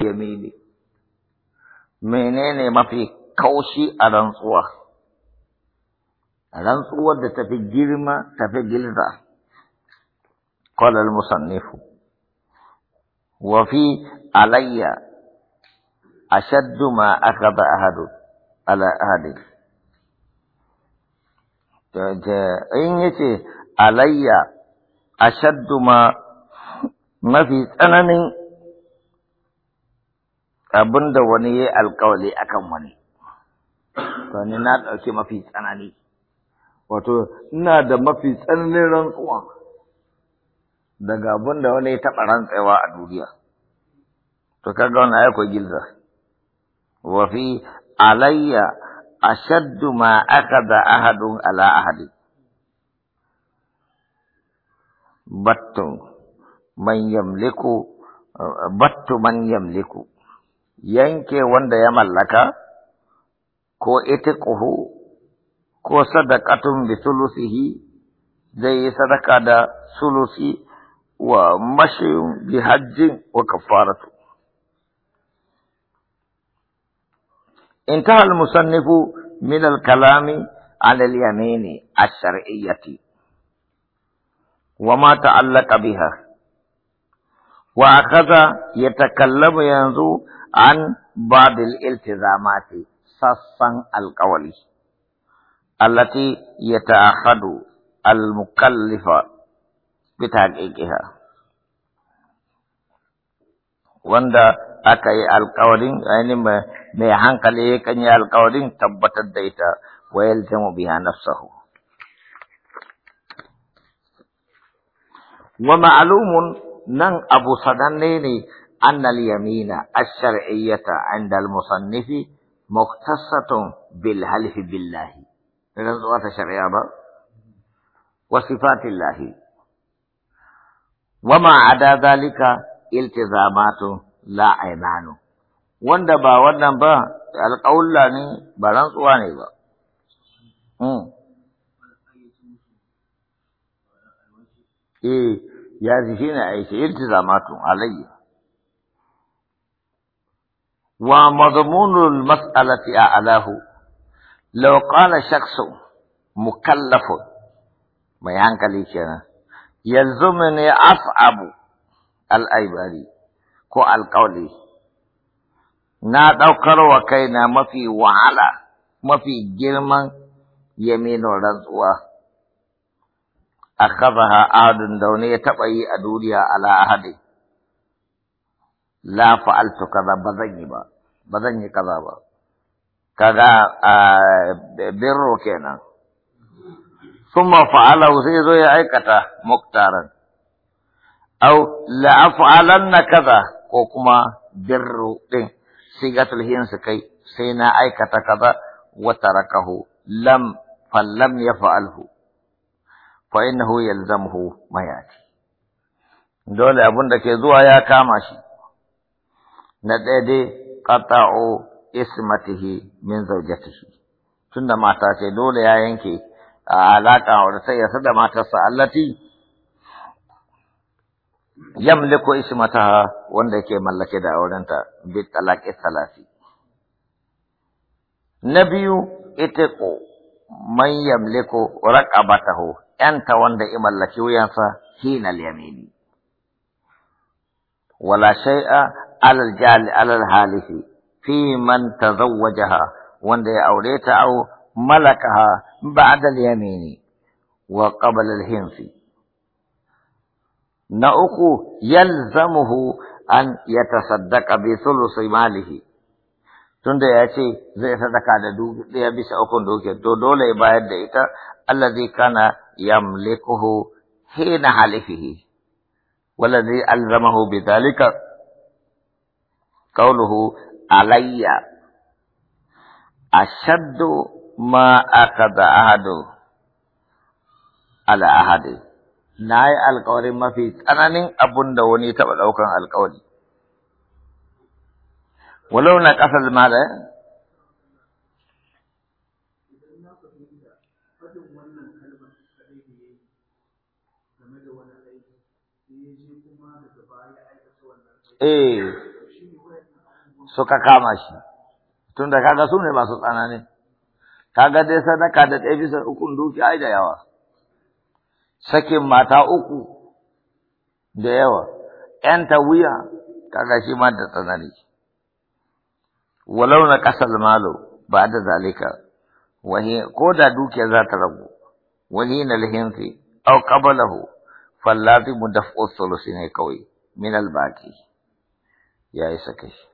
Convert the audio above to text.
yamini menene mafi kaushi a rantsuwa rantsuwar da tafi girma tafi gilza قال المصنف وفي علي أشد ما أخذ أحد على أحد in ya ce alayya ashaddu ma mafi tsananin abin da wani ya alkawali akan wani to na ɗauki mafi tsanani wato ina da mafi tsananin rantsuwa daga abin da wani ya taɓa rantsewa a duniya to kaga wani ya gilza wa fi alayya ashaddu ma akada ahadun ala ahadi battu man yamliku battu man yamliku yanke wanda ya mallaka ko ƙuhu ko sadakatun bi sulusihi zai yi sadaka da sulusi wa mashin bi hajjin wa kafaratu انتهى المصنف من الكلام على اليمين الشرعية وما تعلق بها وأخذ يتكلم ينظر an babil iltizamati sassan alkawali allati yata'akhadu al-mukallifa bitaqqiqiha wanda aka yi alkawarin ainihin mai hankali yakan yi alkawarin tabbatar da ita wa yalzamu biya nafsahu wa ma'alumun nan abu sadanne ne أن اليمين الشرعية عند المصنف مختصة بالهلف بالله رضوات الشرعية وصفات الله وما عدا ذلك التزامات لا أيمان وان دبا wannan با القول لا ني rantsuwa سواني با إيه يا زيشين ne aiki iltizamatu alayya. ومضمون المسألة أعلاه لو قال شخص مكلف ما يعنك ليش أنا يلزمني أصعب الأيباري كو القولي نا دوكر وكينا ما في وعلا ما في جرما يمين ورزوة أخذها آد دوني تبعي أدوريا على أهدي لا فعلت كذا بدني با بدني كذا با كذا آه، برو كينا ثم فعل وزيدو يعيكتا مكتارا أو لا لأفعلن كذا كوكما برو كين إيه، سيغت الهينس كي سينا عيكتا كذا وتركه لم فلم يفعله فإنه يلزمه ما يأتي دول أبن دكي زوايا كاماشي na ɗaya dai ƙata'o ismatihi min zawjatihi tunda mata ce dole ya yanke a alaƙa wadda sai ya da matarsa allati yamliku ismataha wanda yake mallake da aurenta bi talaqi salasi na biyu itiqu man yamliku raqabatahu yanta wanda ya mallaki wuyansa hina al-yamini wala shay'a على الجال على الهالك في من تزوجها وان او ملكها بعد اليمين وقبل الهنف نأق يلزمه أن يتصدق بثلث ماله تند يأتي زي صدق على دوك ليبس أكون دوك دو دولة باعد ديتا الذي كان يملكه حين حالفه والذي ألزمه بذلك قوله علي أشد ما أخذ أحد على أحد ناي القول ما في تنانين أبن دوني تبلو كان القول ولو نقص المال إيه suka kama shi tunda kaga su ne masu tsanani kaga dai sadaka da ɗaya bisa ukun duki ai da yawa sakin mata uku da yawa ƴan tawiya kaga shi ma da tsanani walau na kasal malo ba da zalika wani ko da dukiya za ta ragu wani na lihinfi au qabalahu fallazi mudaf'u thulusi ne kawai min albaki baqi ya isa shi.